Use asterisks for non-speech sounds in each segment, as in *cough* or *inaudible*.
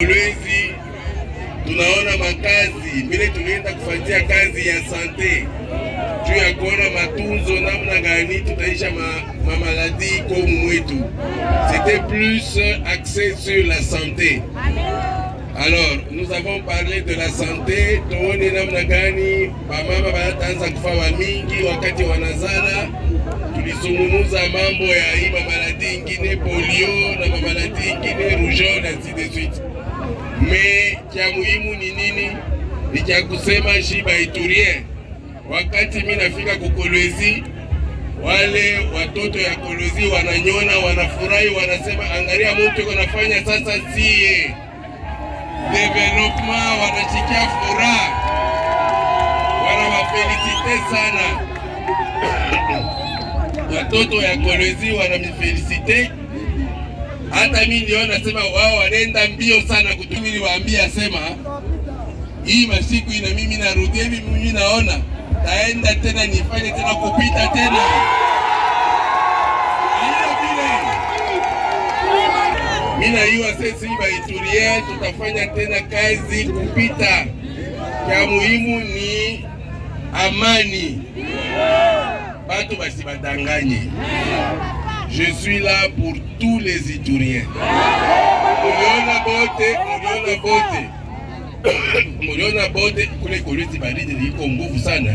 Kolwezi tunaona makazi vile tulienda kufatia kazi ya sante juu ya kuona matunzo namna gani tutaisha mamaladi ma komu mwetu, c'était plus axé sur la santé. Alors nous avons parlé de la santé, tuone namna gani bamama bataanza kufa mingi wakati wanazala. Tulizungumuza mambo ya hii mamaladi ingine polio na mamaladi ingine rougeole ainsi de suite me cha muhimu ni nini? Ni cha kusema shiba iturie. Wakati mimi nafika kukolwezi, wale watoto ya kolwezi wananyona, wanafurahi, wanasema angalia mtu anafanya sasa sie development, wanachikia furaha, wanawafelicite sana *coughs* watoto ya kolwezi wanamifelicite hata mimi ndio nasema wao wanaenda mbio sana kutumi, Niwaambia sema hii masiku ina mimi narudia hivi, mimi naona taenda tena nifanye tena kupita tena mimi na hiyo sisi baiturie tutafanya tena kazi kupita. Cha muhimu ni amani, watu basibadanganye. Je suis là pour tous les Ituriens. Muriona bote, muriona sana.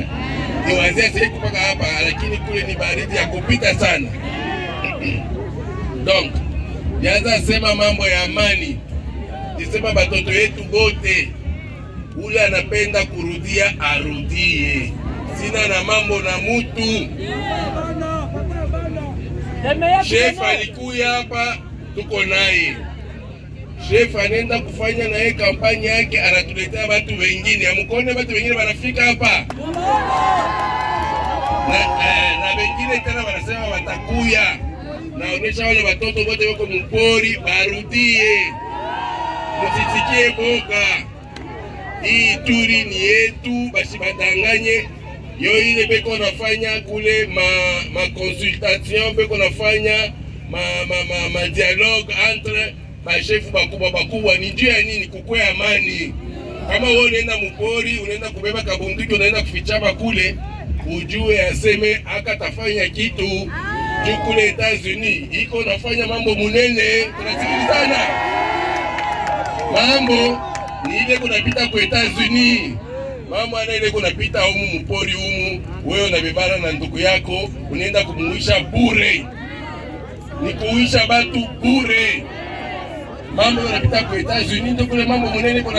Niwaanzia sasa baridi ya sana. Donc, nianza sema mambo ya amani. Nisema batoto yetu bote ule anapenda kurudia arudie. Sina na mambo na mutu. Chef alikuya hapa, tuko naye. chef, anaenda kufanya naye kampani yake, anatuletea watu wengine, amukone watu wengine wanafika hapa na eh, wengine tena wanasema watakuya. Naonesha wale watoto wote wako mpori, barudie, musisikie boga. Hii turi ni yetu, basi badanganye yo ile beko nafanya kule ma, ma consultation beko nafanya ma, ma, ma, ma dialogue entre bashefu bakubwa bakubwa, ni juu ya nini? Kukwea amani. Kama wewe unaenda mpori, unaenda kubeba kabunduki, unaenda kufichama kule, ujue aseme aka tafanya kitu juu kule Etats-Unis iko nafanya mambo munene. Tunasikilizana, mambo ni ile kunapita ku Etats-Unis mama ile iko napita humu mpori humu, wewe unabebana na ndugu yako unaenda kumuisha bure, ni kuisha batu bure. Mambo unapita kwa Etats-Unis ndio kule mambo mwenene iko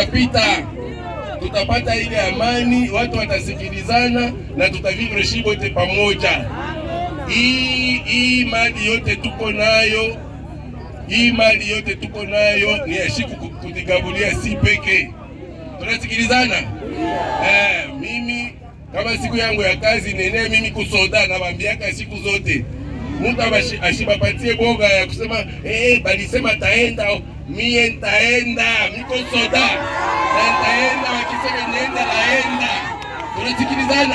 Tutapata ile amani, watu watasikilizana na tutavivre yote pamoja. Hii hii mali yote tuko nayo hii mali yote tuko nayo ni ya kutigabulia si peke, tunasikilizana Eh, mimi kama siku yangu ya kazi nene mimi kusoda na bambiaka siku zote mtu ashibapatie boga ya kusema eh, eh balisema taenda, oh, mie ntaenda, miko soda na ntaenda, wakisema nienda naenda. Tunasikilizana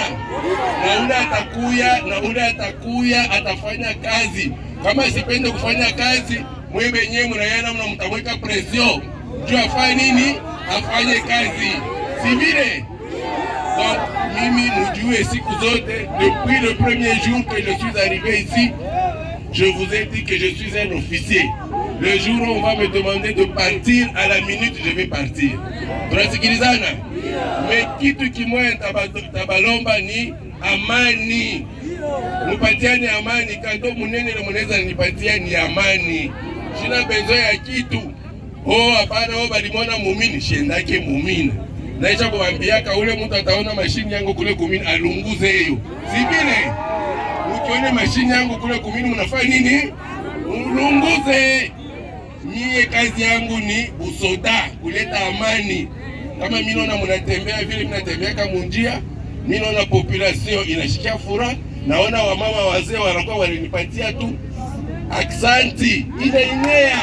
na ule atakuya na ule atakuya atafanya kazi. Kama sipende kufanya kazi, mwe benyewe mnayana mnamtamweka presio juu afanye nini, afanye kazi. civile. Donc Mimi Moudou et si vous autres, depuis le premier jour que je suis arrivé ici, je vous ai dit que je suis un officier. Le jour où on va me demander de partir, à la minute, je vais partir. Mais qui tu kitu kimoya tabalomba ni amani mupatiani amani kanto munene na munaweza nipatia ni amani pas besoin à kitu o oh, hapana o oh, balimona mumini shiendake moumine. naisha kuwambiaka ule mtu ataona mashini yangu kule kumini alunguze hiyo sivile. Ukione mashini yangu kule kumini mnafanya nini? Mulunguze. Mie kazi yangu ni usoda kuleta amani. Kama mimi naona mnatembea vile mnatembeaka munjia, mimi naona population inashikia fura, naona wamama wazee wanakuwa walinipatia tu aksanti ile inea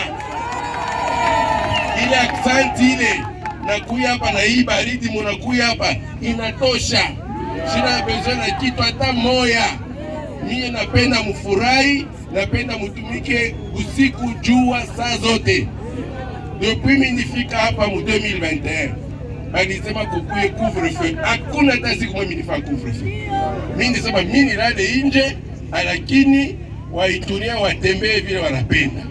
ile aksanti ile nakuya hapa na hii baridi munakuya hapa inatosha, sina besoin na kitu hata moya. Mie napenda mfurahi, napenda mutumike usiku jua saa zote. Depuis nifika hapa mu 2021 balisema kukuye couvre feu, hakuna hata siku mimi nifaa couvre feu. Mimi nisema mimi nilale nje, lakini waitunia watembee vile wanapenda.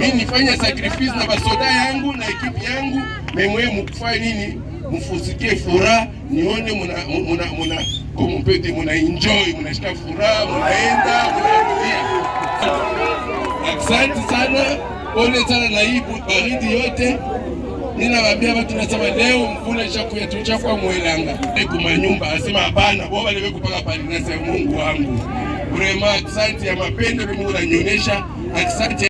Mimi nifanya sacrifice na basoda yangu na ekipi yangu memwe mukufanya nini, mufuzike furaha, nione muna muna muna kompete muna enjoy munashika furaha, munaenda munarudia. Asante sana, pole sana na hii baridi yote. Ninawambia watu nasema leo mvula ishakuya kwa mwelanga manyumba asema hapana boba lewe kupaka pale nasa Mungu wangu. Urema asante ya mapendo Mungu ananyonyesha asante